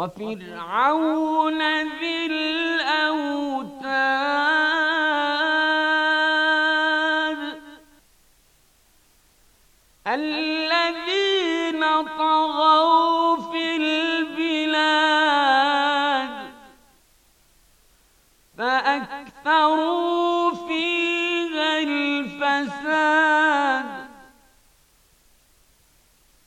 وفرعون ذي الأوتاد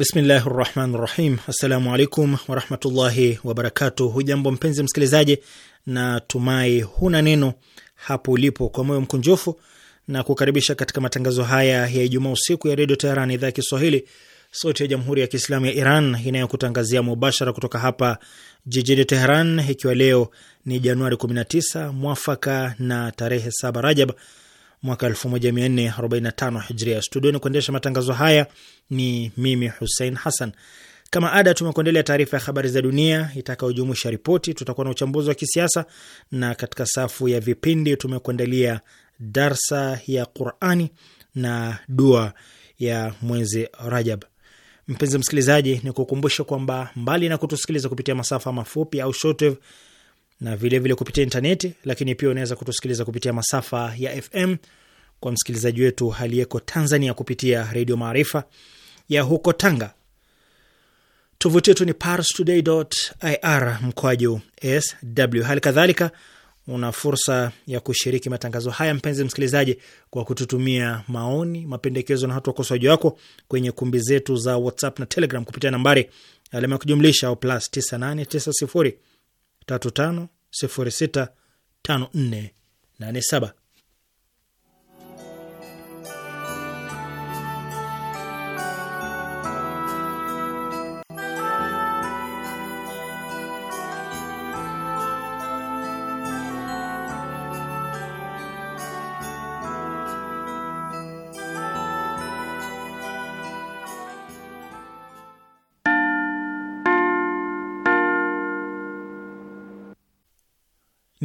Bismillahi rahmani rahim. Assalamu alaikum warahmatullahi wabarakatuh. Hujambo mpenzi msikilizaji, na tumai huna neno hapo ulipo. Kwa moyo mkunjufu na kukaribisha katika matangazo haya ya Ijumaa usiku ya Redio Teheran, idhaa ya Kiswahili, sauti ya Jamhuri ya Kiislamu ya Iran inayokutangazia mubashara kutoka hapa jijini Teheran, ikiwa leo ni Januari 19 mwafaka na tarehe 7 Rajab mwaka 1445 hijria. Studioni kuendesha matangazo haya ni mimi Hussein Hassan. Kama ada, tumekuendelea taarifa ya habari za dunia itakayojumuisha ripoti, tutakuwa na uchambuzi wa kisiasa, na katika safu ya vipindi tumekuandalia darsa ya Qurani na dua ya mwezi Rajab. Mpenzi msikilizaji, ni kukumbusha kwamba mbali na kutusikiliza kupitia masafa mafupi au shortwave na vilevile vile kupitia intaneti, lakini pia unaweza kutusikiliza kupitia masafa ya FM kwa msikilizaji wetu aliyeko Tanzania kupitia Redio Maarifa ya huko Tanga. Tovuti yetu ni parstoday.ir mkoaju sw. Hali kadhalika una fursa ya kushiriki matangazo haya, mpenzi msikilizaji, kwa kututumia maoni, mapendekezo na hata ukosoaji wako kwenye kumbi zetu za WhatsApp na Telegram kupitia nambari alama ya kujumlisha au plus 9890 sifuri sita tano nne nane saba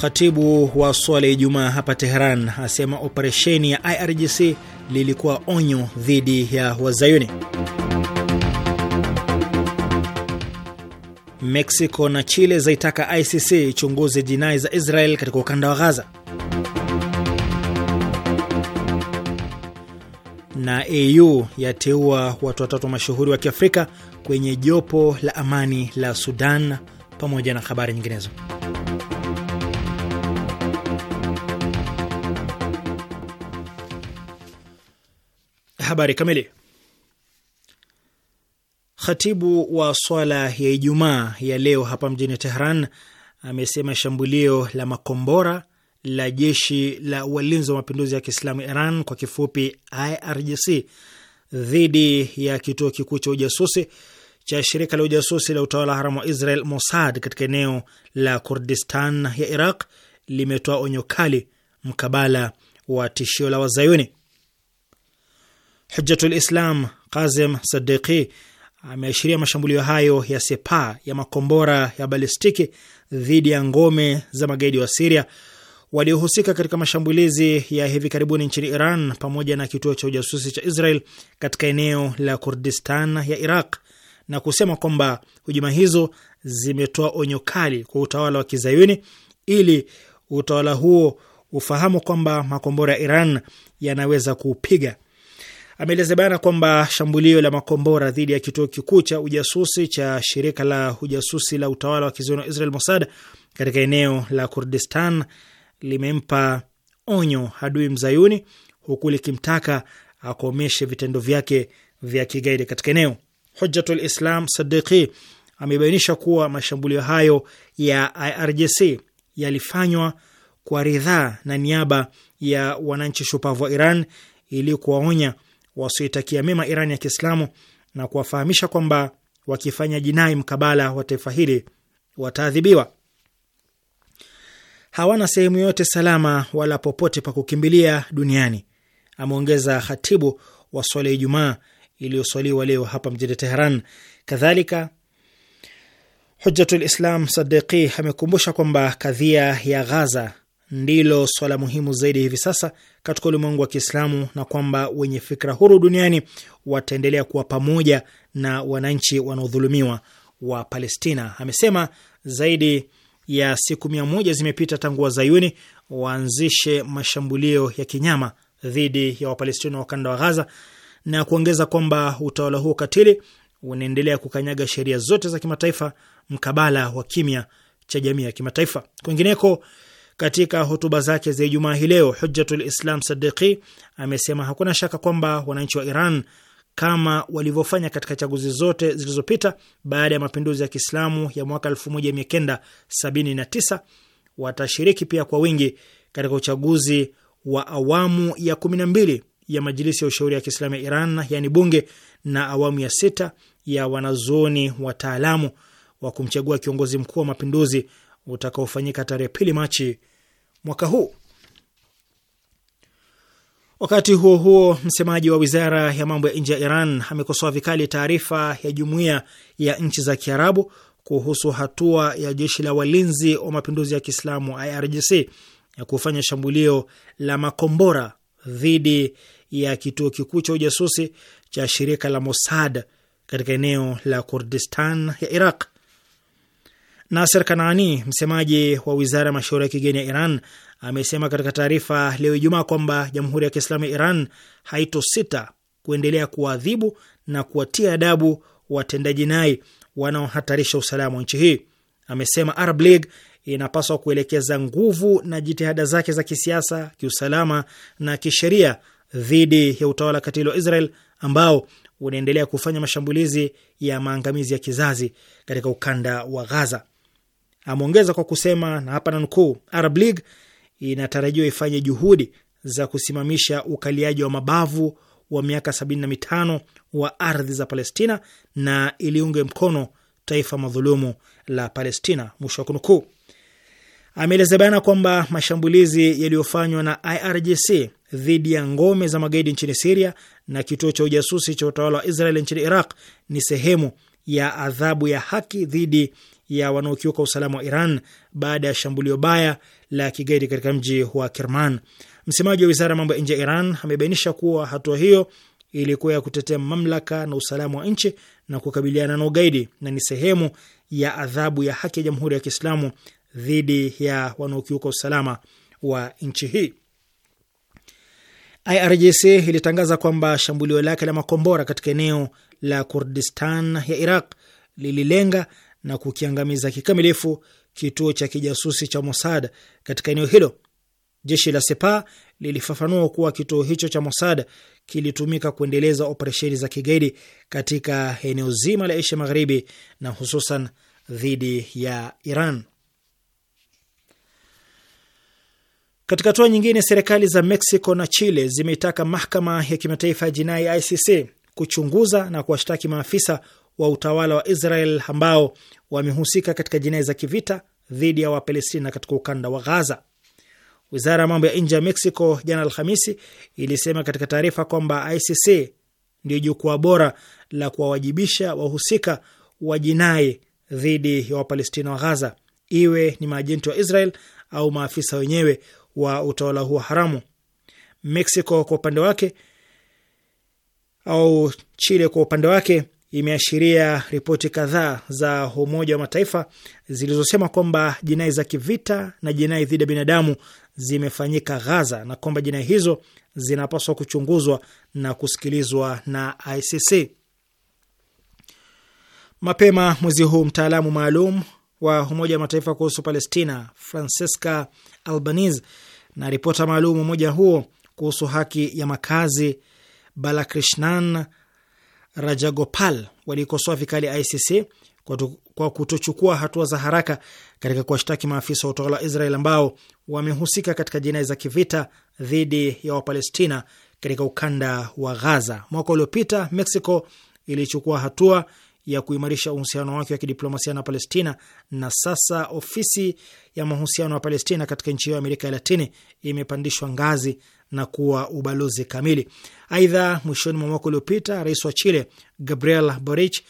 Khatibu wa swala ya Ijumaa hapa Teheran asema operesheni ya IRGC lilikuwa onyo dhidi ya Wazayuni. Mexico na Chile zaitaka ICC ichunguze jinai za Israel katika ukanda wa Gaza. Na AU yateua watu watatu mashuhuri wa Kiafrika kwenye jopo la amani la Sudan pamoja na habari nyinginezo. Habari kamili. Khatibu wa swala ya Ijumaa ya leo hapa mjini Tehran amesema shambulio la makombora la jeshi la walinzi wa mapinduzi ya Kiislamu Iran kwa kifupi IRGC dhidi ya kituo kikuu cha ujasusi cha shirika la ujasusi la utawala haramu wa Israel Mossad katika eneo la Kurdistan ya Iraq limetoa onyo kali mkabala wa tishio la Wazayuni. Hujjatul Islam Kazem Sadiki ameashiria mashambulio hayo ya Sepa ya makombora ya balistiki dhidi ya ngome za magaidi wa Siria waliohusika katika mashambulizi ya hivi karibuni nchini Iran pamoja na kituo cha ujasusi cha Israel katika eneo la Kurdistan ya Iraq na kusema kwamba hujuma hizo zimetoa onyo kali kwa utawala wa Kizayuni ili utawala huo ufahamu kwamba makombora ya Iran yanaweza kuupiga ameeleza bayana kwamba shambulio la makombora dhidi ya kituo kikuu cha ujasusi cha shirika la ujasusi la utawala wa kizayuni wa Israel Mossad katika eneo la Kurdistan limempa onyo adui mzayuni, huku likimtaka akomeshe vitendo vyake vya kigaidi katika eneo. Hujjatul Islam Sadiqi amebainisha kuwa mashambulio hayo ya IRGC yalifanywa kwa ridhaa na niaba ya wananchi shupavu wa Iran ili kuwaonya wasioitakia mema Iran ya Kiislamu na kuwafahamisha kwamba wakifanya jinai mkabala wa taifa hili wataadhibiwa. Hawana sehemu yoyote salama wala popote pa kukimbilia duniani, ameongeza khatibu wa swala ya Ijumaa iliyoswaliwa leo hapa mjini Teheran. Kadhalika, Hujjatul Islam Sadiqi amekumbusha kwamba kadhia ya Ghaza ndilo swala muhimu zaidi hivi sasa katika ulimwengu wa Kiislamu na kwamba wenye fikra huru duniani wataendelea kuwa pamoja na wananchi wanaodhulumiwa wa Palestina. Amesema zaidi ya siku mia moja zimepita tangu wazayuni waanzishe mashambulio ya kinyama dhidi ya Wapalestina wa ukanda wa Ghaza na kuongeza kwamba utawala huo katili unaendelea kukanyaga sheria zote za kimataifa mkabala wa kimya cha jamii ya kimataifa. Kwingineko, katika hotuba zake za Ijumaa hii leo, Hujjatul Islam Sadiqi amesema hakuna shaka kwamba wananchi wa Iran kama walivyofanya katika chaguzi zote zilizopita baada ya mapinduzi ya Kiislamu ya mwaka 1979 watashiriki pia kwa wingi katika uchaguzi wa awamu ya 12 ya Majilisi ya Ushauri ya Kiislamu ya Iran, yani bunge, na awamu ya sita ya wanazuoni wataalamu wa kumchagua kiongozi mkuu wa mapinduzi utakaofanyika tarehe pili Machi mwaka huu. Wakati huo huo, msemaji wa wizara ya mambo ya nje ya Iran amekosoa vikali taarifa ya jumuiya ya nchi za Kiarabu kuhusu hatua ya jeshi la walinzi wa mapinduzi ya Kiislamu IRGC ya kufanya shambulio la makombora dhidi ya kituo kikuu cha ujasusi cha shirika la Mossad katika eneo la Kurdistan ya Iraq. Naser Kanaani, msemaji wa wizara ya mashauri ya kigeni ya Iran, amesema katika taarifa leo Ijumaa kwamba Jamhuri ya Kiislamu ya Iran haitosita kuendelea kuwaadhibu na kuwatia adabu watendaji nai wanaohatarisha usalama wa nchi hii. Amesema Arab League inapaswa kuelekeza nguvu na jitihada zake za kisiasa, kiusalama na kisheria dhidi ya utawala katili wa Israel ambao unaendelea kufanya mashambulizi ya maangamizi ya kizazi katika ukanda wa Gaza. Ameongeza kwa kusema na hapa nanukuu, Arab League inatarajiwa ifanye juhudi za kusimamisha ukaliaji wa mabavu wa miaka 75 wa ardhi za Palestina na iliunge mkono taifa madhulumu la Palestina, mwisho wa kunukuu. Ameeleza bayana kwamba mashambulizi yaliyofanywa na IRGC dhidi ya ngome za magaidi nchini Siria na kituo cha ujasusi cha utawala wa Israel nchini Iraq ni sehemu ya adhabu ya haki dhidi ya wanaokiuka usalama wa Iran baada ya shambulio baya la kigaidi katika mji wa Kerman. Msemaji wa wizara ya mambo ya nje ya Iran amebainisha kuwa hatua hiyo ilikuwa ya kutetea mamlaka na usalama wa nchi na kukabiliana na ugaidi na ni sehemu ya adhabu ya haki ya Jamhuri ya Kiislamu dhidi ya wanaokiuka usalama wa nchi hii. IRGC ilitangaza kwamba shambulio lake la makombora katika eneo la Kurdistan ya Iraq lililenga na kukiangamiza kikamilifu kituo cha kijasusi cha Mossad katika eneo hilo. Jeshi la Sepa lilifafanua kuwa kituo hicho cha Mossad kilitumika kuendeleza operesheni za kigaidi katika eneo zima la Asia Magharibi na hususan dhidi ya Iran. Katika hatua nyingine, serikali za Mexico na Chile zimeitaka mahakama ya kimataifa ya jinai ICC kuchunguza na kuwashtaki maafisa wa utawala wa Israel ambao wamehusika katika jinai za kivita dhidi ya Wapalestina katika ukanda wa Gaza. Wizara ya mambo ya nje ya Mexico jana Alhamisi ilisema katika taarifa kwamba ICC ndio jukwaa bora la kuwawajibisha wahusika wa jinai dhidi ya Wapalestina wa Gaza, iwe ni maajenti wa Israel au maafisa wenyewe wa utawala huo haramu. Mexico kwa upande wake au Chile kwa upande wake imeashiria ripoti kadhaa za Umoja wa Mataifa zilizosema kwamba jinai za kivita na jinai dhidi ya binadamu zimefanyika Ghaza na kwamba jinai hizo zinapaswa kuchunguzwa na kusikilizwa na ICC. Mapema mwezi huu mtaalamu maalum wa Umoja wa Mataifa kuhusu Palestina Francesca Albanese na ripota maalum umoja huo kuhusu haki ya makazi Balakrishnan Rajagopal walikosoa vikali ICC kwa kutochukua hatua za haraka katika kuwashtaki maafisa wa utawala wa Israel ambao wamehusika katika jinai za kivita dhidi ya Wapalestina katika ukanda wa Ghaza. Mwaka uliopita Mexico ilichukua hatua ya kuimarisha uhusiano wake wa kidiplomasia na Palestina, na sasa ofisi ya mahusiano ya Palestina katika nchi hiyo ya Amerika ya Latini imepandishwa ngazi na kuwa ubalozi kamili. Aidha, mwishoni mwa mwaka uliopita, rais wa Chile Gabriel Boric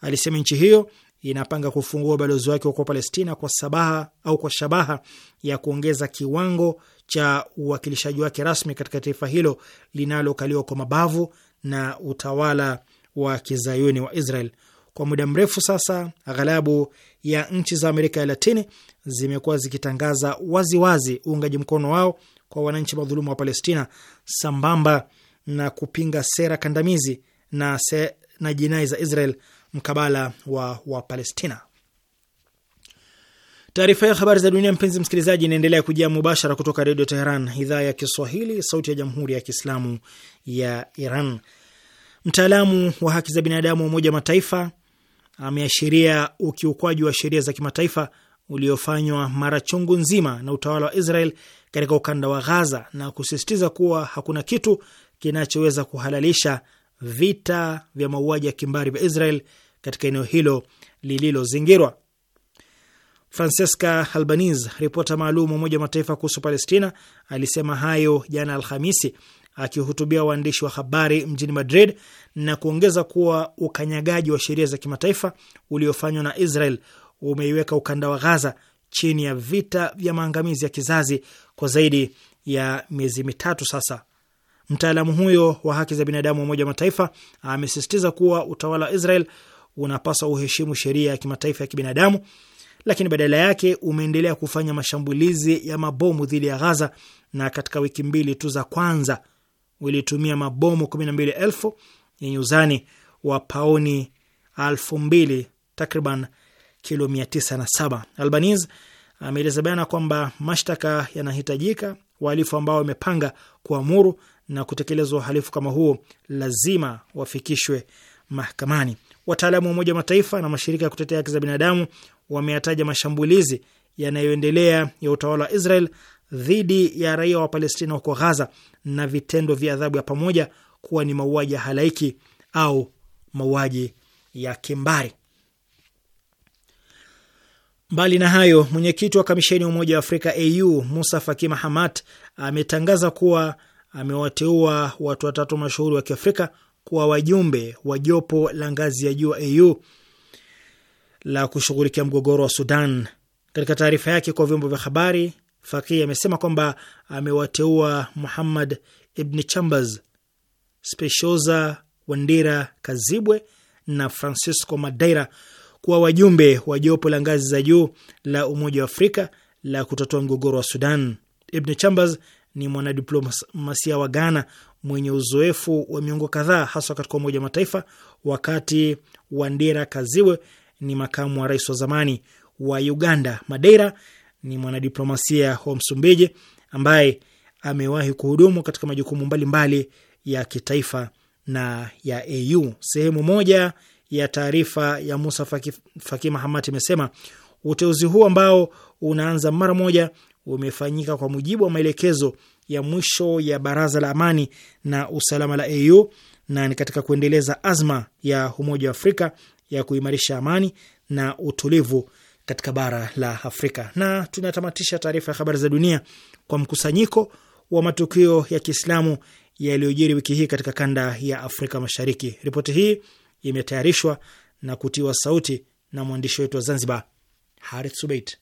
alisema nchi hiyo inapanga kufungua ubalozi wake huko Palestina kwa sabaha au kwa shabaha ya kuongeza kiwango cha uwakilishaji wake rasmi katika taifa hilo linalokaliwa kwa mabavu na utawala wa kizayuni wa Israel. Kwa muda mrefu sasa, aghalabu ya nchi za Amerika ya Latini zimekuwa zikitangaza waziwazi uungaji mkono wao kwa wananchi madhulumu wa Palestina sambamba na kupinga sera kandamizi na, se, na jinai za Israel mkabala wa Wapalestina. Taarifa ya habari za dunia, mpenzi msikilizaji, inaendelea kujia mubashara kutoka Redio Teheran, idhaa ya Kiswahili, sauti ya Jamhuri ya Kiislamu ya Iran. Mtaalamu wa haki za binadamu wa Umoja wa Mataifa ameashiria ukiukwaji wa sheria za kimataifa uliofanywa mara chungu nzima na utawala wa Israel katika ukanda wa Ghaza na kusisitiza kuwa hakuna kitu kinachoweza kuhalalisha vita vya mauaji ya kimbari vya Israel katika eneo hilo lililozingirwa. Francesca Albanese, ripota maalum wa Umoja wa Mataifa kuhusu Palestina, alisema hayo jana Alhamisi akihutubia waandishi wa habari mjini Madrid na kuongeza kuwa ukanyagaji wa sheria za kimataifa uliofanywa na Israel umeiweka ukanda wa Ghaza chini ya vita vya maangamizi ya kizazi kwa zaidi ya miezi mitatu sasa. Mtaalamu huyo wa haki za binadamu wa Umoja wa Mataifa amesisitiza kuwa utawala wa Israel unapaswa uheshimu sheria ya kimataifa ya kibinadamu, lakini badala yake umeendelea kufanya mashambulizi ya mabomu dhidi ya Ghaza, na katika wiki mbili tu za kwanza ulitumia mabomu 12,000 yenye uzani wa paoni a2 takriban kilo 907. Albanese Ameeleza bayana kwamba mashtaka yanahitajika. Wahalifu ambao wamepanga kuamuru na kutekeleza uhalifu kama huo lazima wafikishwe mahakamani. Wataalamu wa Umoja wa Mataifa na mashirika ya kutetea haki za binadamu wameyataja mashambulizi yanayoendelea ya utawala wa Israel dhidi ya raia wa Palestina huko Ghaza na vitendo vya adhabu ya pamoja kuwa ni mauaji ya halaiki au mauaji ya kimbari. Mbali na hayo, mwenyekiti wa kamisheni ya Umoja wa Afrika AU Musa Faki Mahamat ametangaza kuwa amewateua watu watatu mashuhuri wa kiafrika kuwa wajumbe wa jopo la ngazi ya juu wa AU la kushughulikia mgogoro wa Sudan. Katika taarifa yake kwa vyombo vya habari, Faki amesema kwamba amewateua Muhammad Ibn Chambers, Specioza Wandira Kazibwe na Francisco Madeira kuwa wajumbe wa jopo la ngazi za juu la Umoja wa Afrika la kutatua mgogoro wa Sudan. Ibn Chambers ni mwanadiplomasia wa Ghana mwenye uzoefu wa miongo kadhaa haswa katika Umoja wa Mataifa, wakati Wandera Kaziwe ni makamu wa rais wa zamani wa Uganda. Madeira ni mwanadiplomasia wa Msumbiji ambaye amewahi kuhudumu katika majukumu mbalimbali mbali ya kitaifa na ya AU. Sehemu moja ya taarifa ya Musa Faki, Faki Mahamat imesema uteuzi huu ambao unaanza mara moja umefanyika kwa mujibu wa maelekezo ya mwisho ya Baraza la Amani na Usalama la AU na ni katika kuendeleza azma ya Umoja wa Afrika ya kuimarisha amani na utulivu katika bara la Afrika. Na tunatamatisha taarifa ya habari za dunia kwa mkusanyiko wa matukio ya Kiislamu yaliyojiri wiki hii katika kanda ya Afrika Mashariki. Ripoti hii imetayarishwa na kutiwa sauti na mwandishi wetu wa Zanzibar, Harith Subeit.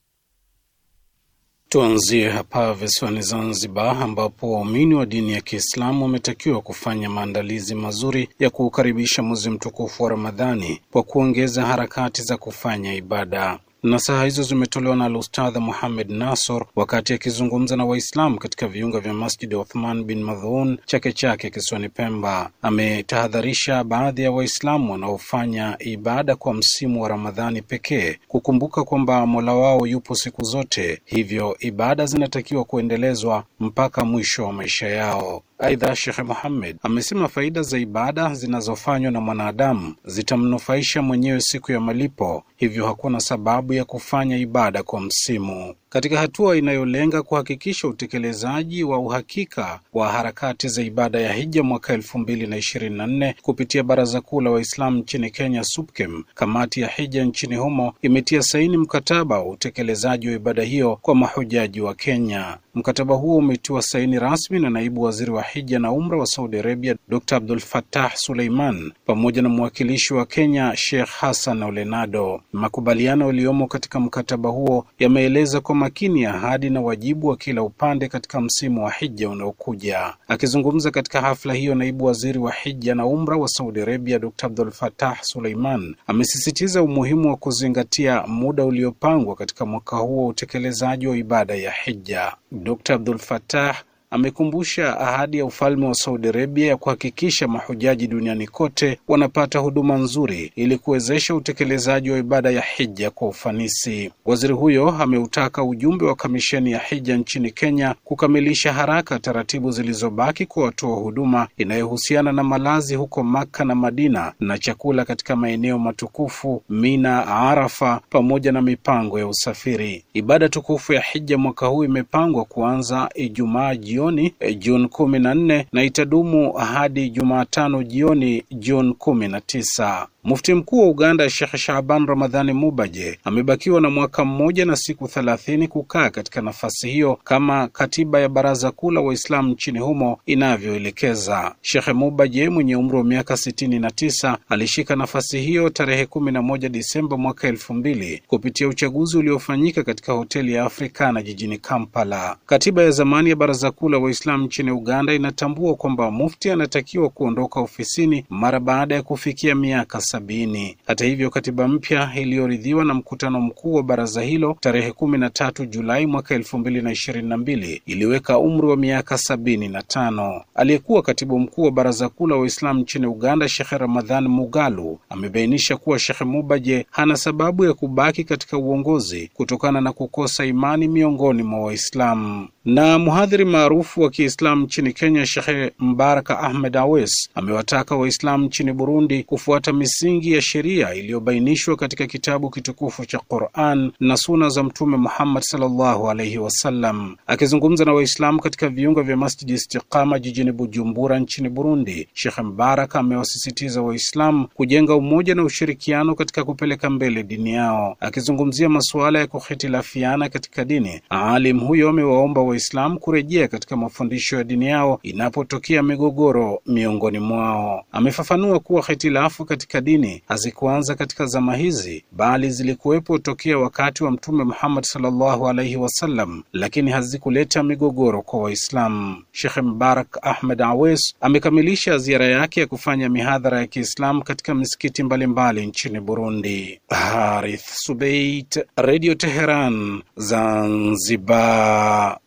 Tuanzie hapa visiwani Zanzibar, ambapo waumini wa dini ya Kiislamu wametakiwa kufanya maandalizi mazuri ya kuukaribisha mwezi mtukufu wa Ramadhani kwa kuongeza harakati za kufanya ibada. Nasaha hizo zimetolewa na Alustadha Muhamed Nasor wakati akizungumza na Waislamu katika viunga vya Masjidi uthman bin Madhun Chake Chake kisiwani Pemba. Ametahadharisha baadhi ya Waislamu wanaofanya ibada kwa msimu wa Ramadhani pekee kukumbuka kwamba Mola wao yupo siku zote, hivyo ibada zinatakiwa kuendelezwa mpaka mwisho wa maisha yao. Aidha, Shekhe Muhammad amesema faida za ibada zinazofanywa na mwanadamu zitamnufaisha mwenyewe siku ya malipo, hivyo hakuna sababu ya kufanya ibada kwa msimu katika hatua inayolenga kuhakikisha utekelezaji wa uhakika wa harakati za ibada ya hija mwaka elfu mbili na ishirini na nne kupitia Baraza Kuu la Waislamu nchini Kenya, SUPKEM. Kamati ya hija nchini humo imetia saini mkataba wa utekelezaji wa ibada hiyo kwa mahujaji wa Kenya. Mkataba huo umetiwa saini rasmi na naibu waziri wa hija na umra wa Saudi Arabia, Dr Abdul Fattah Suleiman, pamoja na mwakilishi wa Kenya, Sheikh Hassan Olenado. Makubaliano yaliyomo katika mkataba huo yameeleza kwamba makini ahadi na wajibu wa kila upande katika msimu wa hija unaokuja. Akizungumza katika hafla hiyo, naibu waziri wa hija na umra wa Saudi Arabia Dr Abdul Fatah Suleiman amesisitiza umuhimu wa kuzingatia muda uliopangwa katika mwaka huo wa utekelezaji wa ibada ya hija. Dr Abdul Fatah amekumbusha ahadi ya ufalme wa Saudi Arabia ya kuhakikisha mahujaji duniani kote wanapata huduma nzuri ili kuwezesha utekelezaji wa ibada ya hija kwa ufanisi. Waziri huyo ameutaka ujumbe wa kamisheni ya hija nchini Kenya kukamilisha haraka taratibu zilizobaki kwa watoa huduma inayohusiana na malazi huko Makka na Madina na chakula katika maeneo matukufu Mina, Arafa pamoja na mipango ya usafiri. Ibada tukufu ya hija mwaka huu imepangwa kuanza Ijumaa jioni jioni e, Juni kumi na nne na itadumu hadi Jumatano jioni Juni kumi na tisa Mufti mkuu wa Uganda shekh Shaban Ramadhani Mubaje amebakiwa na mwaka mmoja na siku thelathini kukaa katika nafasi hiyo kama katiba ya Baraza Kuu la Waislamu nchini humo inavyoelekeza. shekhe Mubaje mwenye umri wa miaka sitini na tisa alishika nafasi hiyo tarehe kumi na moja Disemba mwaka elfu mbili kupitia uchaguzi uliofanyika katika hoteli ya Afrikana jijini Kampala. Katiba ya zamani ya Baraza Kuu la Waislamu nchini Uganda inatambua kwamba mufti anatakiwa kuondoka ofisini mara baada ya kufikia miaka sabini. Hata hivyo, katiba mpya iliyoridhiwa na mkutano mkuu wa baraza hilo tarehe kumi na tatu Julai mwaka elfu mbili na ishirini na mbili iliweka umri wa miaka sabini na tano. Aliyekuwa katibu mkuu wa baraza kuu la Waislamu nchini Uganda, Shekhe Ramadhan Mugalu amebainisha kuwa Shekhe Mubaje hana sababu ya kubaki katika uongozi kutokana na kukosa imani miongoni mwa Waislamu. Na mhadhiri maarufu wa Kiislamu nchini Kenya, Shekhe Mbaraka Ahmed Awes amewataka Waislamu nchini Burundi kufuata misi misingi ya sheria iliyobainishwa katika kitabu kitukufu cha Qur'an na suna za Mtume Muhammad sallallahu alaihi wasallam. Akizungumza na Waislamu katika viunga vya Masjid Istiqama jijini Bujumbura nchini Burundi, Sheikh Mbaraka amewasisitiza Waislamu kujenga umoja na ushirikiano katika kupeleka mbele dini yao. Akizungumzia masuala ya kuhitilafiana katika dini, alim huyo amewaomba Waislamu kurejea katika mafundisho ya dini yao inapotokea migogoro miongoni mwao. Amefafanua kuwa hitilafu katika dini dini hazikuanza katika zama hizi, bali zilikuwepo tokea wakati wa Mtume Muhammad sallallahu alaihi wasallam, lakini hazikuleta migogoro kwa Waislamu. Shekhe Mbarak Ahmed Awes amekamilisha ziara yake ya kufanya mihadhara ya Kiislamu katika misikiti mbalimbali nchini Burundi. Harith Subeit, Radio Teheran, Zanzibar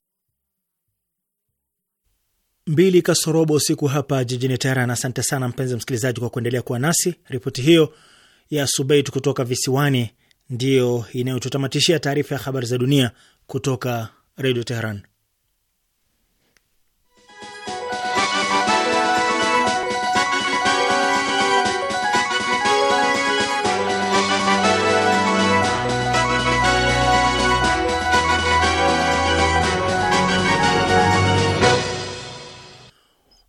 mbili kasorobo usiku hapa jijini Teheran. Asante sana mpenzi msikilizaji kwa kuendelea kuwa nasi. Ripoti hiyo ya Subait kutoka visiwani ndiyo inayotutamatishia taarifa ya habari za dunia kutoka Redio Teheran.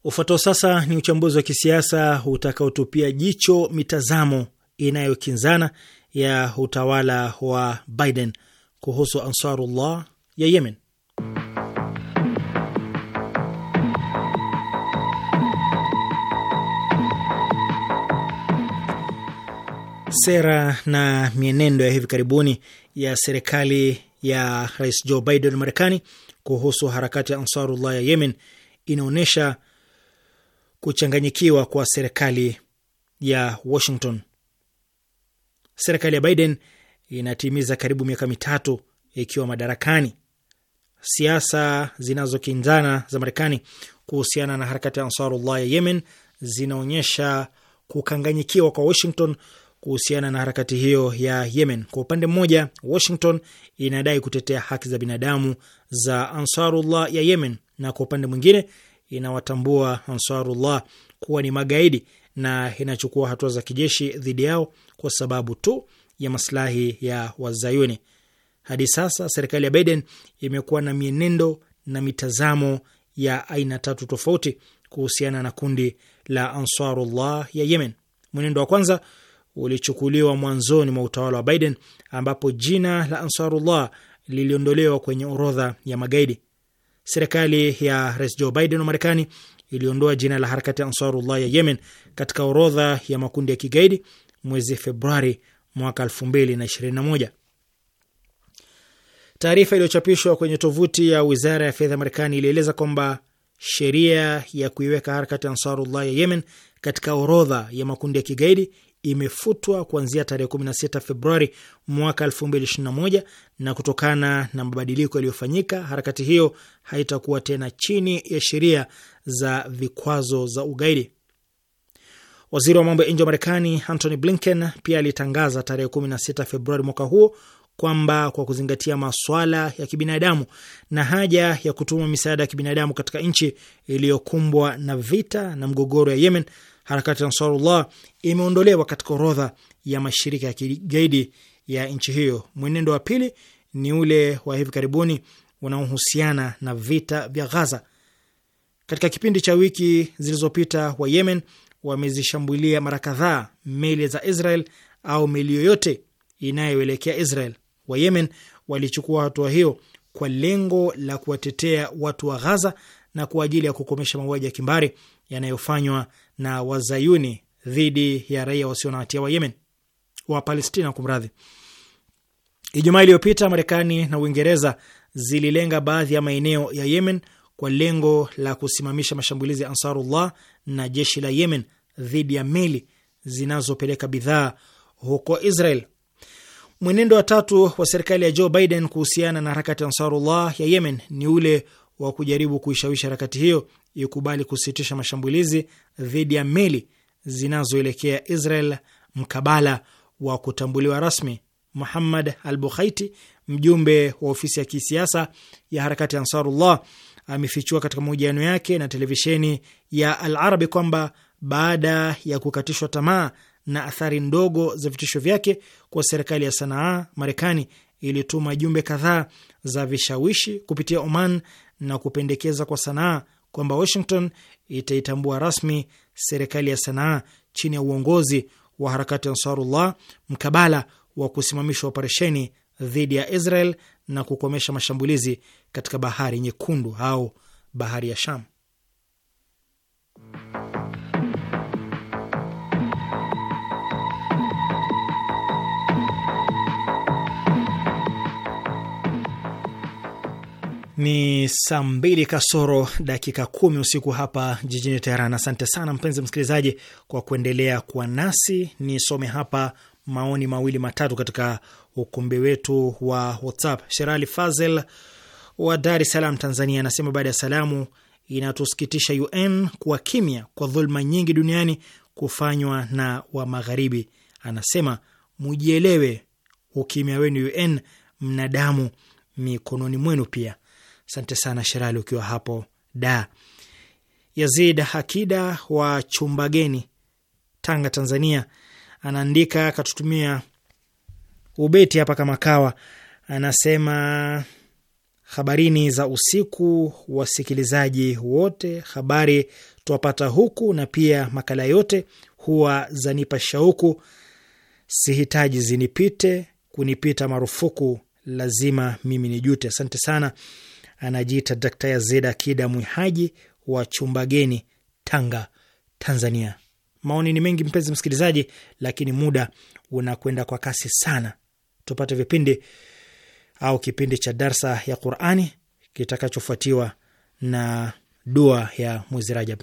Ufuatao sasa ni uchambuzi wa kisiasa utakaotupia jicho mitazamo inayokinzana ya utawala wa Biden kuhusu Ansarullah ya Yemen. Sera na mienendo ya hivi karibuni ya serikali ya Rais Joe Biden Marekani kuhusu harakati ya Ansarullah ya Yemen inaonyesha kuchanganyikiwa kwa serikali ya Washington. Serikali ya Biden inatimiza karibu miaka mitatu ikiwa madarakani. Siasa zinazokinzana za Marekani kuhusiana na harakati ya Ansarullah ya Yemen zinaonyesha kukanganyikiwa kwa Washington kuhusiana na harakati hiyo ya Yemen. Kwa upande mmoja, Washington inadai kutetea haki za binadamu za Ansarullah ya Yemen, na kwa upande mwingine inawatambua Ansarullah kuwa ni magaidi na inachukua hatua za kijeshi dhidi yao kwa sababu tu ya maslahi ya Wazayuni. Hadi sasa serikali ya Biden imekuwa na mienendo na mitazamo ya aina tatu tofauti kuhusiana na kundi la Ansarullah ya Yemen. Mwenendo wa kwanza ulichukuliwa mwanzoni mwa utawala wa Biden, ambapo jina la Ansarullah liliondolewa kwenye orodha ya magaidi serikali ya Rais Joe Biden wa Marekani iliondoa jina la harakati ya Ansarullah ya Yemen katika orodha ya makundi ya kigaidi mwezi Februari mwaka moja. Taarifa iliyochapishwa kwenye tovuti ya wizara ya fedha ya Marekani ilieleza kwamba sheria ya kuiweka harakati ya Ansarullah ya Yemen katika orodha ya makundi ya kigaidi imefutwa kuanzia tarehe 16 Februari mwaka 2021 na kutokana na mabadiliko yaliyofanyika, harakati hiyo haitakuwa tena chini ya sheria za vikwazo za ugaidi. Waziri wa mambo ya nje wa Marekani Antony Blinken pia alitangaza tarehe 16 Februari mwaka huo kwamba kwa kuzingatia maswala ya kibinadamu na haja ya kutuma misaada ya kibinadamu katika nchi iliyokumbwa na vita na mgogoro ya Yemen, harakati ya Ansarullah imeondolewa katika orodha ya mashirika ya kigaidi ya nchi hiyo. Mwenendo wa pili ni ule wa hivi karibuni unaohusiana na vita vya Ghaza. Katika kipindi cha wiki zilizopita, wa Yemen wamezishambulia mara kadhaa meli za Israel au meli yoyote inayoelekea Israel. Wa Yemen walichukua hatua hiyo kwa lengo la kuwatetea watu wa Ghaza na kwa ajili ya kukomesha mauaji ya kimbari yanayofanywa na wazayuni dhidi ya raia wasio na hatia wa Yemen wa Palestina, kumradhi. Ijumaa iliyopita Marekani na Uingereza zililenga baadhi ya maeneo ya Yemen kwa lengo la kusimamisha mashambulizi ya Ansarullah na jeshi la Yemen dhidi ya meli zinazopeleka bidhaa huko Israel. Mwenendo wa tatu wa serikali ya Joe Biden kuhusiana na harakati ya Ansarullah ya Yemen ni ule wa kujaribu kuishawishi harakati hiyo ikubali kusitisha mashambulizi dhidi ya meli zinazoelekea Israel mkabala wa kutambuliwa rasmi. Muhammad al Bukhaiti, mjumbe wa ofisi ya kisiasa ya harakati Ansarullah, amefichua katika mahojiano yake na televisheni ya Al Arabi kwamba baada ya kukatishwa tamaa na athari ndogo za vitisho vyake kwa serikali ya Sanaa, Marekani ilituma jumbe kadhaa za vishawishi kupitia Oman na kupendekeza kwa Sanaa kwamba Washington itaitambua rasmi serikali ya Sanaa chini ya uongozi wa harakati Ansarullah mkabala wa kusimamishwa operesheni dhidi ya Israel na kukomesha mashambulizi katika Bahari Nyekundu au Bahari ya Sham. Ni saa mbili kasoro dakika kumi usiku hapa jijini Teheran. Asante sana mpenzi msikilizaji kwa kuendelea kuwa nasi. Nisome hapa maoni mawili matatu katika ukumbi wetu wa WhatsApp. Sherali Fazel wa Dar es Salaam, Tanzania, anasema baada ya salamu, inatusikitisha UN kuwa kimya kwa dhuluma nyingi duniani kufanywa na wa Magharibi. Anasema mujielewe, ukimya wenu UN, mnadamu mikononi mwenu pia Asante sana Sherali ukiwa hapo da. Yazid Hakida wa Chumbageni, Tanga, Tanzania, anaandika akatutumia ubeti hapa kama kawa, anasema Habarini za usiku, wasikilizaji wote, habari twapata huku, na pia makala yote huwa zanipa shauku, sihitaji zinipite, kunipita marufuku, lazima mimi nijute. Asante sana anajiita Dr. Yazid Akida Mwihaji wa Chumbageni, Tanga, Tanzania. Maoni ni mengi mpenzi msikilizaji, lakini muda unakwenda kwa kasi sana. Tupate vipindi au kipindi cha darsa ya Qurani kitakachofuatiwa na dua ya mwezi Rajab.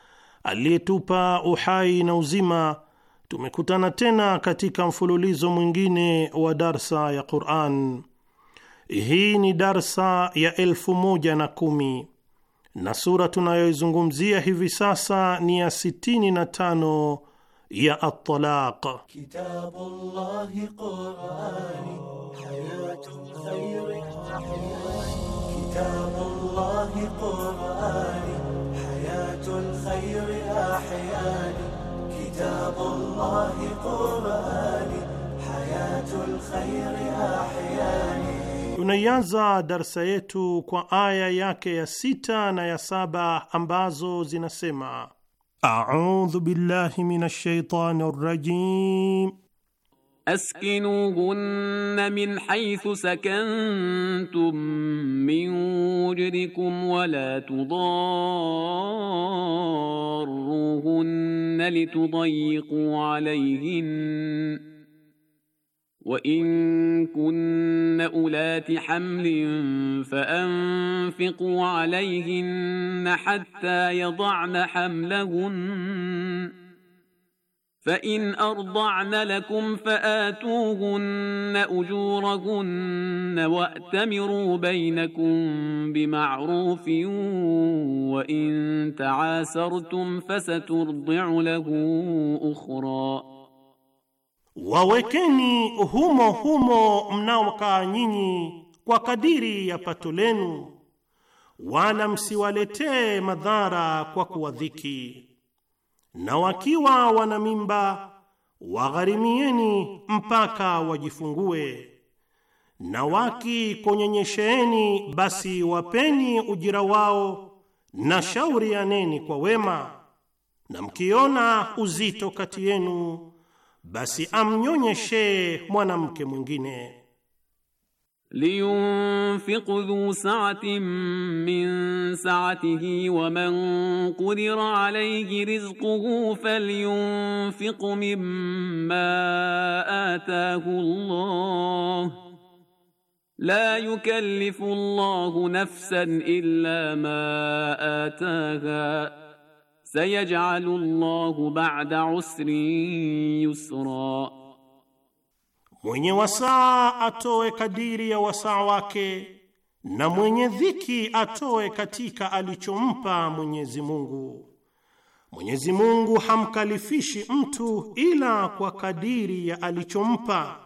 aliyetupa uhai na uzima, tumekutana tena katika mfululizo mwingine wa darsa ya Quran. Hii ni darsa ya elfu moja na kumi na sura tunayoizungumzia hivi sasa ni ya sitini na tano ya At-Talaq. Kitabullahi Qurani Kitabullahi Qurani الخير أحياني كتاب الله قرآني حياة الخير أحياني Tunaianza darsa yetu kwa aya yake ya sita na ya saba ambazo zinasema: audhu billahi minash shaitani rrajim أسكنوهن من حيث سكنتم من وجدكم ولا تضاروهن لتضيقوا عليهن وإن كن أولات حمل فأنفقوا عليهن حتى يضعن حملهن فإن أرضعن لكم فآتوهن أجورهن وأتمروا بينكم بمعروف وإن تعاسرتم فسترضع له أخرى wawekeni humo humo mnaokaa nyinyi kwa kadiri ya pato lenu wala msiwaletee madhara kwa kuwadhiki na wakiwa wana mimba wagharimieni mpaka wajifungue, na wakikunyenyesheeni basi wapeni ujira wao, na shaurianeni kwa wema, na mkiona uzito kati yenu, basi amnyonyeshee mwanamke mwingine. لينفق ذو سعة من سعته ومن قدر عليه رزقه فلينفق مما آتاه الله لا يكلف الله نفسا إلا ما آتاها سيجعل الله بعد عسر يسرًا Mwenye wasaa atoe kadiri ya wasaa wake, na mwenye dhiki atoe katika alichompa Mwenyezi Mungu. Mwenyezi Mungu hamkalifishi mtu ila kwa kadiri ya alichompa.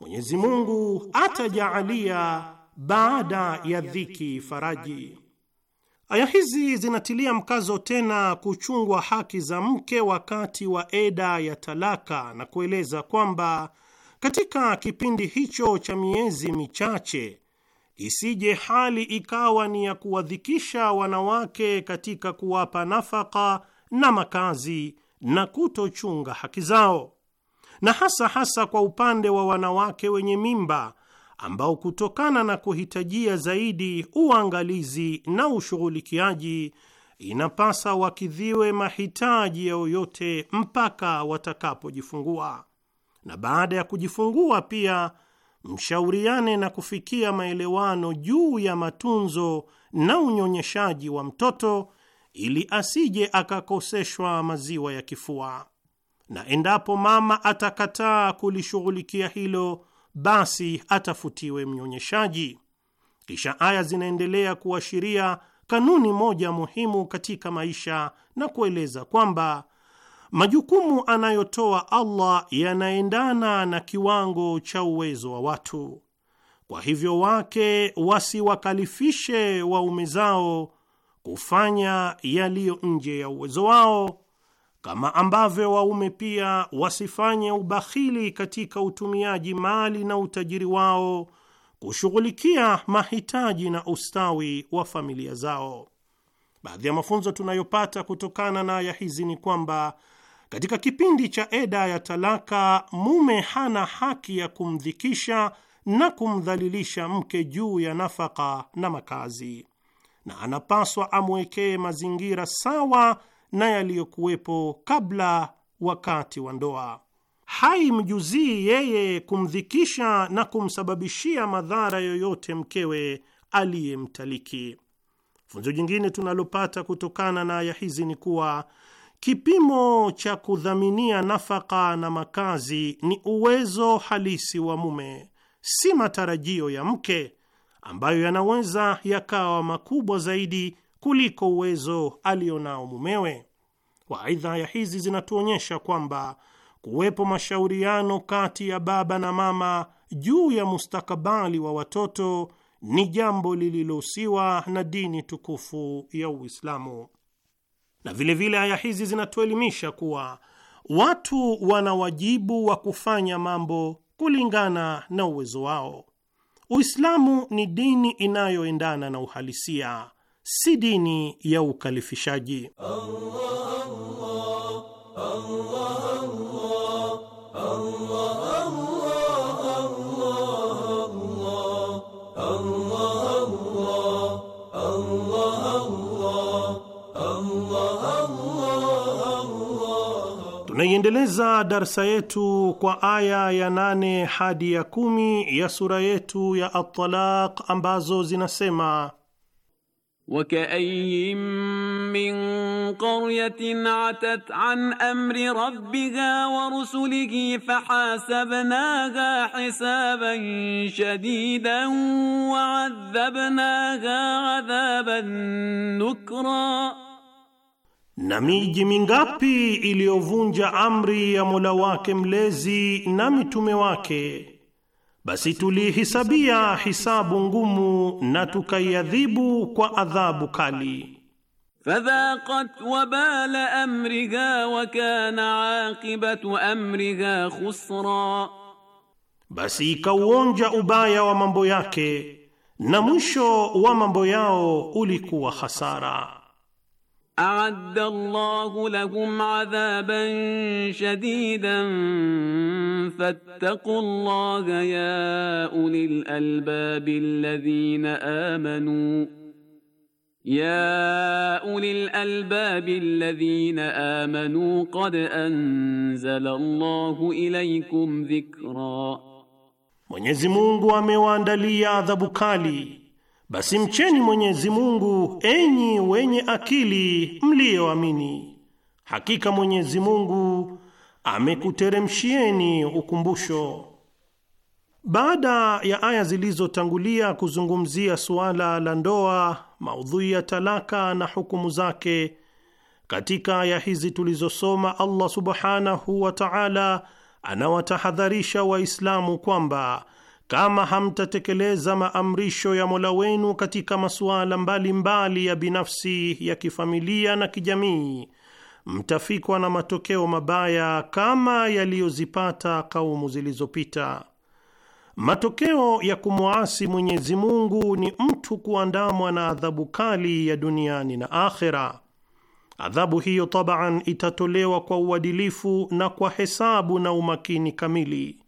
Mwenyezi Mungu atajaalia baada ya dhiki faraji. Aya hizi zinatilia mkazo tena kuchungwa haki za mke wakati wa eda ya talaka na kueleza kwamba katika kipindi hicho cha miezi michache, isije hali ikawa ni ya kuwadhikisha wanawake katika kuwapa nafaka na makazi na kutochunga haki zao, na hasa hasa kwa upande wa wanawake wenye mimba ambao kutokana na kuhitajia zaidi uangalizi na ushughulikiaji inapasa wakidhiwe mahitaji yao yote mpaka watakapojifungua na baada ya kujifungua pia mshauriane na kufikia maelewano juu ya matunzo na unyonyeshaji wa mtoto ili asije akakoseshwa maziwa ya kifua. Na endapo mama atakataa kulishughulikia hilo, basi atafutiwe mnyonyeshaji. Kisha aya zinaendelea kuashiria kanuni moja muhimu katika maisha na kueleza kwamba Majukumu anayotoa Allah yanaendana na kiwango cha uwezo wa watu. Kwa hivyo wake wasiwakalifishe waume zao kufanya yaliyo nje ya uwezo wao, kama ambavyo waume pia wasifanye ubakhili katika utumiaji mali na utajiri wao kushughulikia mahitaji na ustawi wa familia zao. Baadhi ya mafunzo tunayopata kutokana na aya hizi ni kwamba katika kipindi cha eda ya talaka, mume hana haki ya kumdhikisha na kumdhalilisha mke juu ya nafaka na makazi, na anapaswa amwekee mazingira sawa na yaliyokuwepo kabla, wakati wa ndoa. Haimjuzii yeye kumdhikisha na kumsababishia madhara yoyote mkewe aliyemtaliki. Funzo jingine tunalopata kutokana na aya hizi ni kuwa Kipimo cha kudhaminia nafaka na makazi ni uwezo halisi wa mume, si matarajio ya mke ambayo yanaweza yakawa makubwa zaidi kuliko uwezo alionao mumewe. aidha ya hizi zinatuonyesha kwamba kuwepo mashauriano kati ya baba na mama juu ya mustakabali wa watoto ni jambo lililohusiwa na dini tukufu ya Uislamu. Na vilevile aya hizi zinatuelimisha kuwa watu wana wajibu wa kufanya mambo kulingana na uwezo wao. Uislamu ni dini inayoendana na uhalisia, si dini ya ukalifishaji. Allah, Allah. Tunaiendeleza darsa yetu kwa aya ya nane hadi ya kumi ya sura yetu ya At-Talaq ambazo zinasema وكأي من قرية عتت عن أمر ربها ورسله فحاسبناها حسابا شديدا وعذبناها عذابا نكرا na miji mingapi iliyovunja amri ya Mola wake mlezi na mitume wake, basi tuliihisabia hisabu ngumu na tukaiadhibu kwa adhabu kali. Fadhaqat wabala amriha wa kana aqibatu amriha khusra, basi ikauonja ubaya wa mambo yake na mwisho wa mambo yao ulikuwa hasara. أعد الله لهم عذابا شديدا فاتقوا الله يا أولي الألباب الذين آمنوا يا أولي الألباب الذين آمنوا قد أنزل الله إليكم ذكرا Mwenyezi Mungu amewaandalia adhabu kali Basi mcheni Mwenyezi Mungu enyi wenye akili mliyoamini, hakika Mwenyezi Mungu amekuteremshieni ukumbusho. Baada ya aya zilizotangulia kuzungumzia suala la ndoa, maudhui ya talaka na hukumu zake, katika aya hizi tulizosoma, Allah subhanahu wa taala anawatahadharisha Waislamu kwamba kama hamtatekeleza maamrisho ya Mola wenu katika masuala mbalimbali ya binafsi, ya kifamilia na kijamii, mtafikwa na matokeo mabaya kama yaliyozipata kaumu zilizopita. Matokeo ya kumwasi Mwenyezi Mungu ni mtu kuandamwa na adhabu kali ya duniani na akhera. Adhabu hiyo tabaan itatolewa kwa uadilifu na kwa hesabu na umakini kamili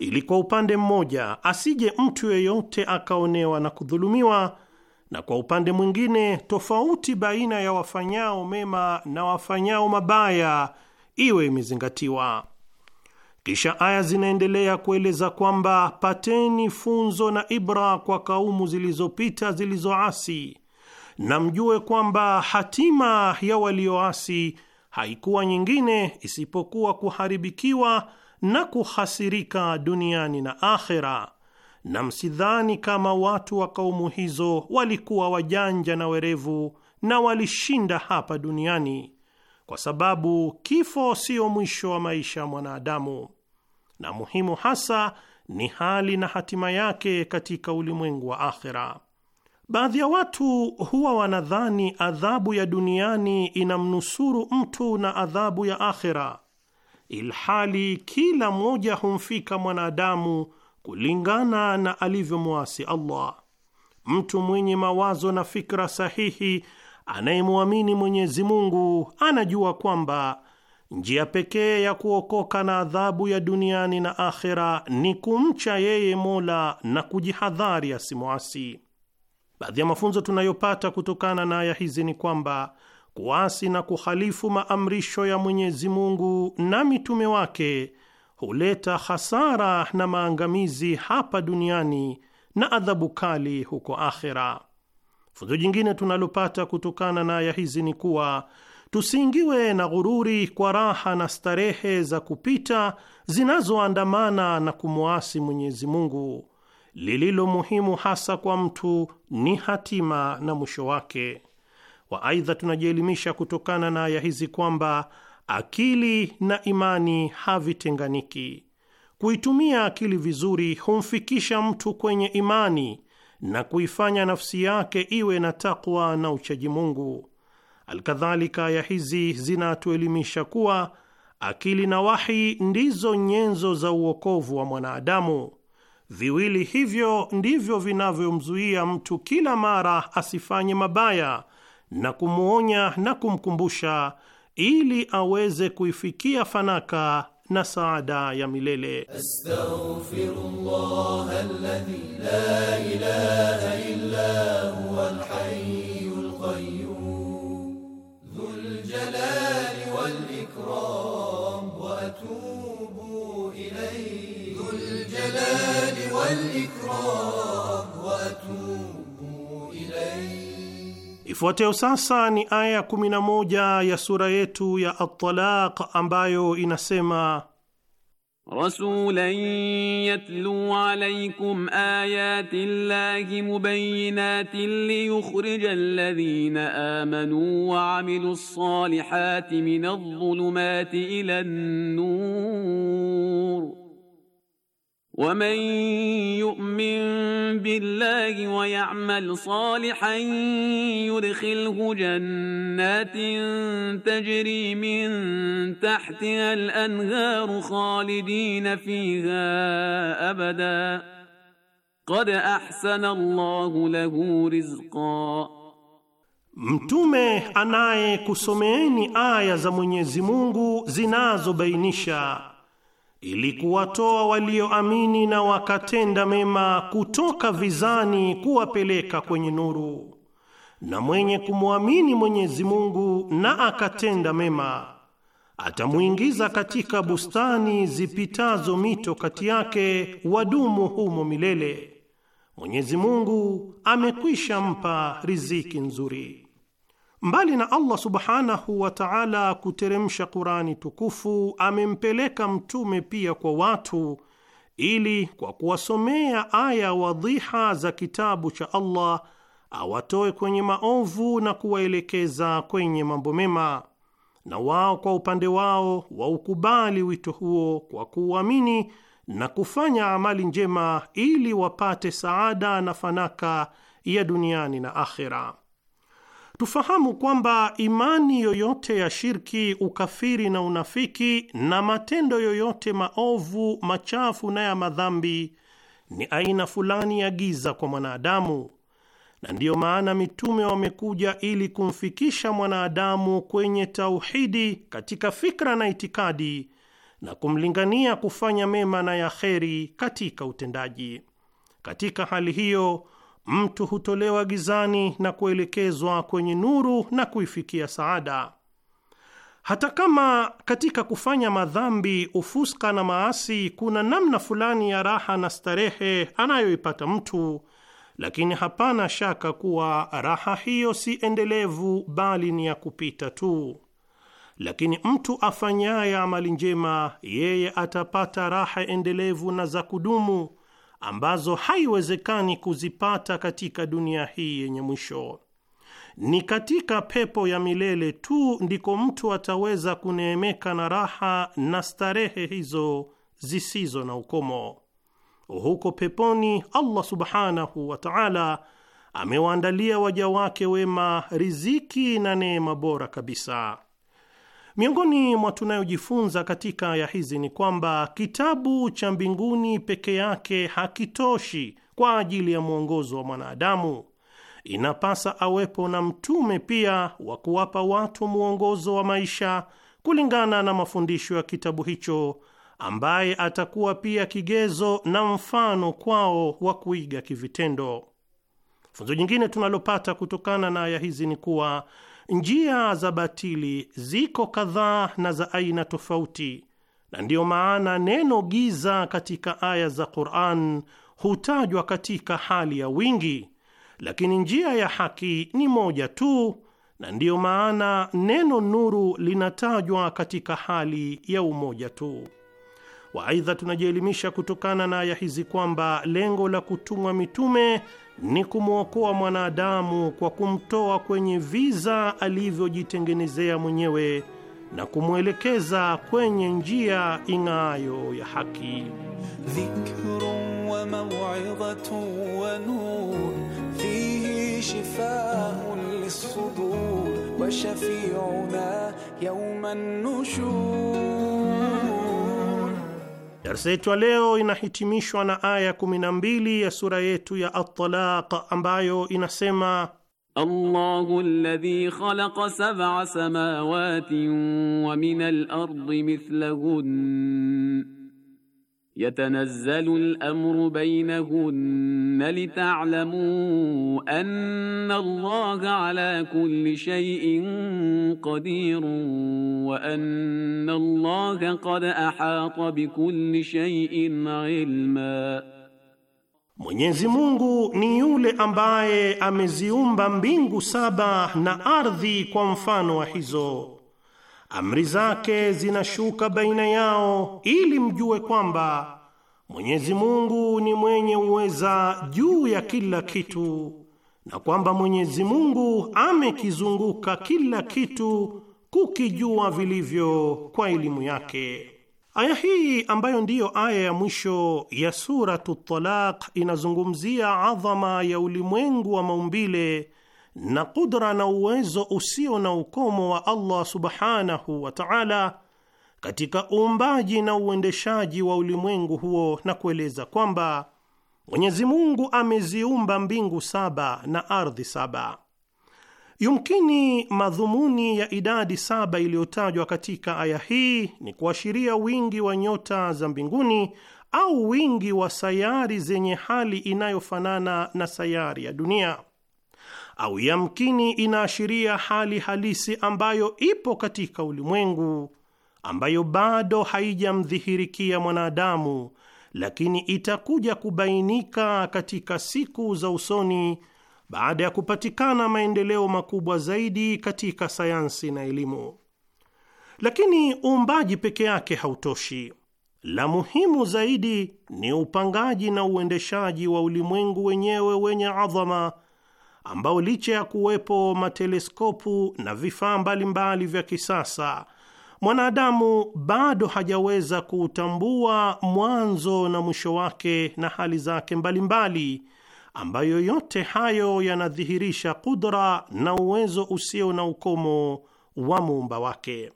ili kwa upande mmoja asije mtu yeyote akaonewa na kudhulumiwa, na kwa upande mwingine tofauti baina ya wafanyao mema na wafanyao mabaya iwe imezingatiwa. Kisha aya zinaendelea kueleza kwamba pateni funzo na ibra kwa kaumu zilizopita zilizoasi, na mjue kwamba hatima ya walioasi haikuwa nyingine isipokuwa kuharibikiwa na kuhasirika duniani na akhera, na msidhani kama watu wa kaumu hizo walikuwa wajanja na werevu na walishinda hapa duniani, kwa sababu kifo siyo mwisho wa maisha ya mwanadamu, na muhimu hasa ni hali na hatima yake katika ulimwengu wa akhera. Baadhi ya watu huwa wanadhani adhabu ya duniani inamnusuru mtu na adhabu ya akhera ilhali kila mmoja humfika mwanadamu kulingana na alivyomwasi Allah. Mtu mwenye mawazo na fikra sahihi anayemwamini Mwenyezi Mungu anajua kwamba njia pekee ya kuokoka na adhabu ya duniani na akhera ni kumcha yeye Mola na kujihadhari asimwasi. Baadhi ya mafunzo tunayopata kutokana na aya hizi ni kwamba kuasi na kuhalifu maamrisho ya Mwenyezi Mungu na mitume wake huleta hasara na maangamizi hapa duniani na adhabu kali huko akhera. Funzo jingine tunalopata kutokana na aya hizi ni kuwa tusiingiwe na ghururi kwa raha na starehe za kupita zinazoandamana na kumwasi Mwenyezi Mungu. Lililo muhimu hasa kwa mtu ni hatima na mwisho wake wa. Aidha, tunajielimisha kutokana na aya hizi kwamba akili na imani havitenganiki. Kuitumia akili vizuri humfikisha mtu kwenye imani na kuifanya nafsi yake iwe na takwa na uchaji Mungu. Alkadhalika, aya hizi zinatuelimisha kuwa akili na wahi ndizo nyenzo za uokovu wa mwanadamu. Viwili hivyo ndivyo vinavyomzuia mtu kila mara asifanye mabaya na kumwonya na kumkumbusha ili aweze kuifikia fanaka na saada ya milele. Astaghfirullah alladhi la ilaha illa Ifuatayo sasa ni aya kumi na moja ya sura yetu ya At-Talaq ambayo inasema Rasulan yatlu alaykum ayati Allahi mubayyinatin liyukhrijal ladhina amanu wa amilus salihati minadh dhulumati ilan nur ومن يؤمن بالله ويعمل صالحا يدخله جنات تجري من تحتها الانهار خالدين فيها ابدا قد احسن الله له رزقا Mtume anayekusomeeni aya za Mwenyezi Mungu zinazobainisha ili kuwatoa walioamini na wakatenda mema kutoka vizani kuwapeleka kwenye nuru, na mwenye kumwamini Mwenyezi Mungu na akatenda mema atamwingiza katika bustani zipitazo mito kati yake, wadumu humo milele. Mwenyezi Mungu amekwisha mpa riziki nzuri. Mbali na Allah subhanahu wa taala kuteremsha Qurani tukufu, amempeleka mtume pia kwa watu ili kwa kuwasomea aya wadhiha za kitabu cha Allah awatoe kwenye maovu na kuwaelekeza kwenye mambo mema, na wao kwa upande wao waukubali wito huo kwa kuuamini na kufanya amali njema ili wapate saada na fanaka ya duniani na akhera. Tufahamu kwamba imani yoyote ya shirki, ukafiri na unafiki na matendo yoyote maovu, machafu na ya madhambi ni aina fulani ya giza kwa mwanadamu, na ndiyo maana mitume wamekuja ili kumfikisha mwanadamu kwenye tauhidi katika fikra na itikadi na kumlingania kufanya mema na ya kheri katika utendaji. Katika hali hiyo mtu hutolewa gizani na kuelekezwa kwenye nuru na kuifikia saada. Hata kama katika kufanya madhambi, ufuska na maasi kuna namna fulani ya raha na starehe anayoipata mtu, lakini hapana shaka kuwa raha hiyo si endelevu, bali ni ya kupita tu. Lakini mtu afanyaye amali njema, yeye atapata raha endelevu na za kudumu ambazo haiwezekani kuzipata katika dunia hii yenye mwisho. Ni katika pepo ya milele tu ndiko mtu ataweza kuneemeka na raha na starehe hizo zisizo na ukomo. Huko peponi, Allah subhanahu wa ta'ala amewaandalia waja wake wema riziki na neema bora kabisa. Miongoni mwa tunayojifunza katika aya hizi ni kwamba kitabu cha mbinguni peke yake hakitoshi kwa ajili ya mwongozo wa mwanadamu. Inapasa awepo na mtume pia wa kuwapa watu mwongozo wa maisha kulingana na mafundisho ya kitabu hicho, ambaye atakuwa pia kigezo na mfano kwao wa kuiga kivitendo. Funzo jingine tunalopata kutokana na aya hizi ni kuwa Njia za batili ziko kadhaa na za aina tofauti, na ndiyo maana neno giza katika aya za Qur'an hutajwa katika hali ya wingi, lakini njia ya haki ni moja tu, na ndiyo maana neno nuru linatajwa katika hali ya umoja tu. Waaidha, tunajielimisha kutokana na aya hizi kwamba lengo la kutumwa mitume ni kumwokoa mwanadamu kwa kumtoa kwenye viza alivyojitengenezea mwenyewe na kumwelekeza kwenye njia ing'ayo ya haki. Darsa yetu ya leo inahitimishwa na aya 12 ya sura yetu ya At-Talaq ambayo inasema Allahu alladhi khalaqa sab'a samawati wa min al-ardi mithlahunna يتنزل الامر بينهن لتعلموا ان الله على كل شيء قدير وان الله قد احاط بكل شيء علما Mwenyezi Mungu ni yule ambaye ameziumba mbingu saba na ardhi kwa mfano wa hizo amri zake zinashuka baina yao, ili mjue kwamba Mwenyezi Mungu ni mwenye uweza juu ya kila kitu na kwamba Mwenyezi Mungu amekizunguka kila kitu kukijua vilivyo kwa elimu yake. Aya hii ambayo ndiyo aya ya mwisho ya Suratu Talaq inazungumzia adhama ya ulimwengu wa maumbile na kudra na uwezo usio na ukomo wa Allah subhanahu wa ta'ala katika uumbaji na uendeshaji wa ulimwengu huo, na kueleza kwamba Mwenyezi Mungu ameziumba mbingu saba na ardhi saba. Yumkini madhumuni ya idadi saba iliyotajwa katika aya hii ni kuashiria wingi wa nyota za mbinguni au wingi wa sayari zenye hali inayofanana na sayari ya dunia au yamkini inaashiria hali halisi ambayo ipo katika ulimwengu ambayo bado haijamdhihirikia mwanadamu, lakini itakuja kubainika katika siku za usoni baada ya kupatikana maendeleo makubwa zaidi katika sayansi na elimu. Lakini uumbaji peke yake hautoshi. La muhimu zaidi ni upangaji na uendeshaji wa ulimwengu wenyewe wenye adhama ambao licha ya kuwepo mateleskopu na vifaa mbalimbali vya kisasa, mwanadamu bado hajaweza kuutambua mwanzo na mwisho wake na hali zake mbalimbali, ambayo yote hayo yanadhihirisha kudra na uwezo usio na ukomo wa muumba wake.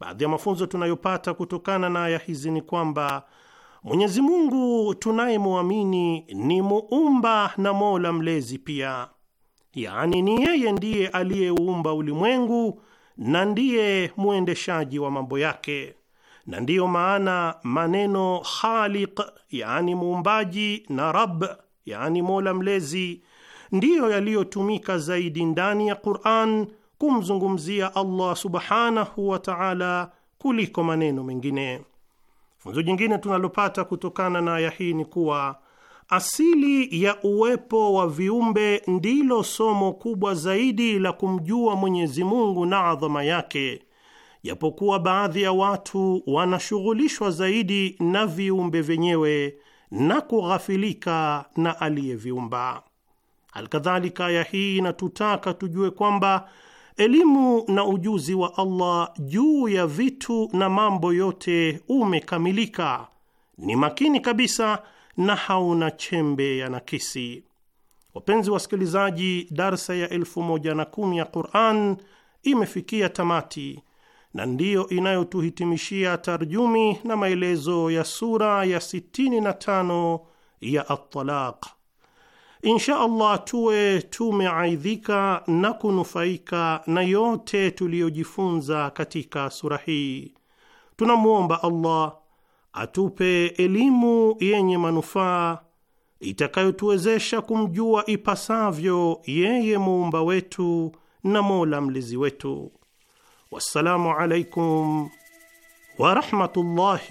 Baadhi ya mafunzo tunayopata kutokana na aya hizi ni kwamba Mwenyezi Mungu tunayemwamini ni muumba na mola mlezi pia, yaani ni yeye ndiye aliyeuumba ulimwengu na ndiye mwendeshaji wa mambo yake, na ndiyo maana maneno Khaliq, yaani muumbaji, na Rab yaani mola mlezi, ndiyo yaliyotumika zaidi ndani ya Qur'an kumzungumzia Allah subhanahu wa ta'ala kuliko maneno mengine. Funzo jingine tunalopata kutokana na aya hii ni kuwa Asili ya uwepo wa viumbe ndilo somo kubwa zaidi la kumjua Mwenyezi Mungu na adhama yake, japokuwa baadhi ya watu wanashughulishwa zaidi na viumbe vyenyewe na kughafilika na aliyeviumba. Alkadhalika, aya hii inatutaka tujue kwamba elimu na ujuzi wa Allah juu ya vitu na mambo yote umekamilika, ni makini kabisa na hauna chembe ya nakisi. Wapenzi wasikilizaji, darsa ya elfu moja na kumi ya Quran imefikia tamati na ndiyo inayotuhitimishia tarjumi na maelezo ya sura ya 65 ya At-Talaq. Insha Allah tuwe tumeaidhika na kunufaika na yote tuliyojifunza katika sura hii. Tunamwomba Allah atupe elimu yenye manufaa itakayotuwezesha kumjua ipasavyo yeye muumba wetu na mola mlezi wetu. Wassalamu alaikum ورحمة الله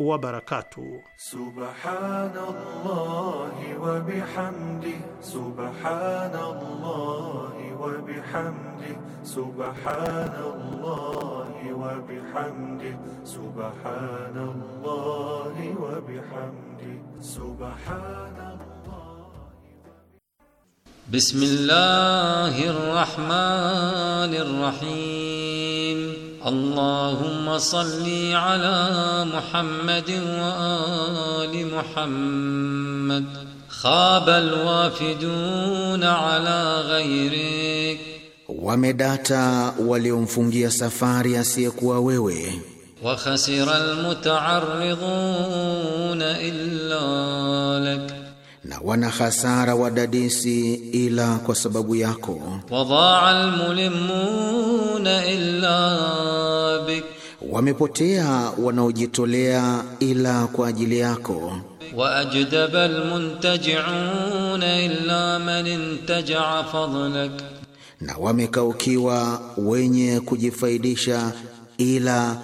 وبركاته سبحان الله وبحمده سبحان الله وبحمده سبحان الله وبحمده سبحان الله وبحمده سبحان الله بسم الله الرحمن الرحيم اللهم صل على محمد وآل محمد خاب الوافدون على غيرك ومداتا waliomfungia safari asiyekuwa wewe وخسر المتعرضون إلا لك na wana hasara wadadisi ila kwa sababu yako. Wadaa almulimuna illa bik, Wamepotea wanaojitolea ila kwa ajili yako. Wa ajdaba almuntajiuna illa man intaja fadlak, na wamekaukiwa wenye kujifaidisha ila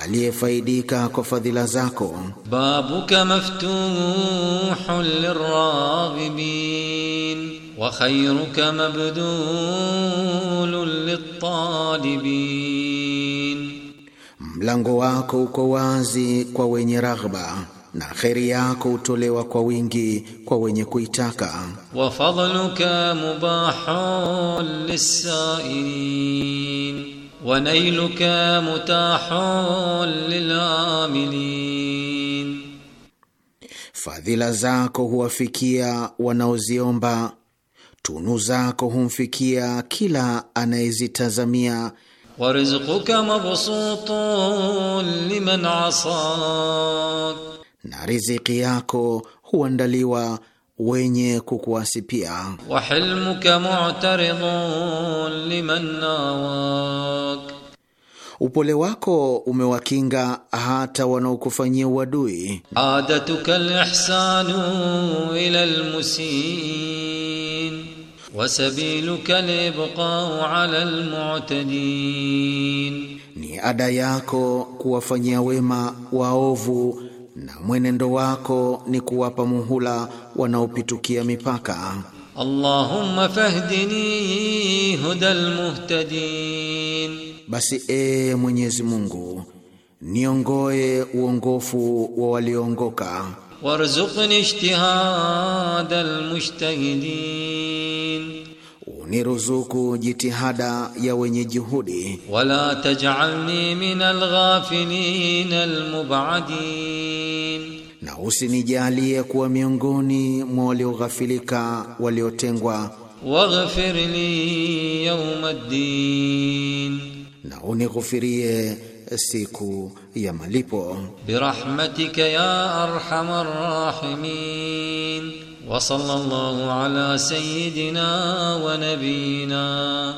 aliyefaidika kwa fadhila zako. babuka maftuhun liraghibin wa khayruka mabdulun litalibin, mlango wako uko wazi kwa wenye raghba na kheri yako hutolewa kwa wingi kwa wenye kuitaka. wa fadluka mubahun lisailin ونيلك متاح للعاملين fadhila zako huwafikia wanaoziomba, tunu zako humfikia kila anayezitazamia. warizquka mabsutun liman asak, na riziki yako huandaliwa wenye kukuasi pia. wa hilmuka mu'taridun liman nawak, upole wako umewakinga hata wanaokufanyia uadui. adatuka alihsanu ila almusin wa sabiluka libqa'u ala almu'tadin, ni ada yako kuwafanyia wema waovu na mwenendo wako ni kuwapa muhula wanaopitukia mipaka. Allahumma fahdini hudal muhtadin, basi ee Mwenyezi Mungu niongoe uongofu wa walioongoka. Warzuqni ijtihadal mujtahidin ni ruzuku jitihada ya wenye juhudi. Wala tajalni min alghafilin almubadin, na usinijalie kuwa miongoni mwa walioghafilika waliotengwa. Waghfir li yawma ddin, na unighufirie siku ya malipo. Birahmatika ya arhamar rahimin وصلى الله على سيدنا ونبينا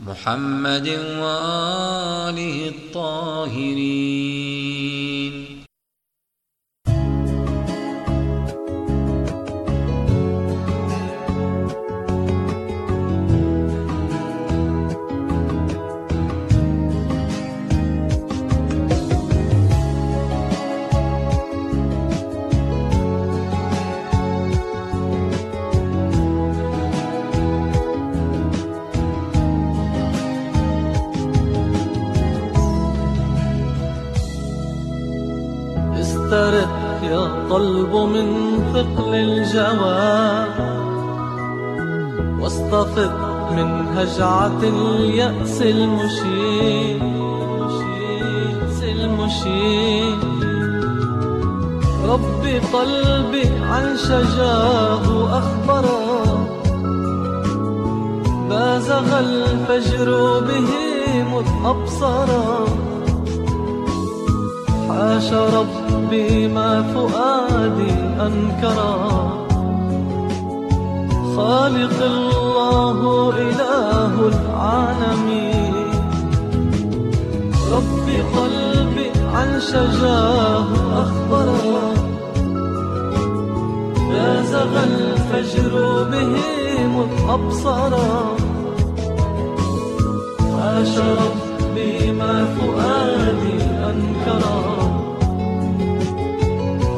محمد وآله الطاهرين تسترد يا قلب من ثقل الجوى واستفد من هجعة اليأس المشيب المشيب ربي قلبي عن شجاه أخبرا بازغ الفجر به مذ أبصرا عاش ربي ما فؤادي أنكرا خالق الله إله العالمين ربي قلبي عن شجاه أخبرا بازغ الفجر به متأبصرا عاش ربي ما فؤادي أنكرا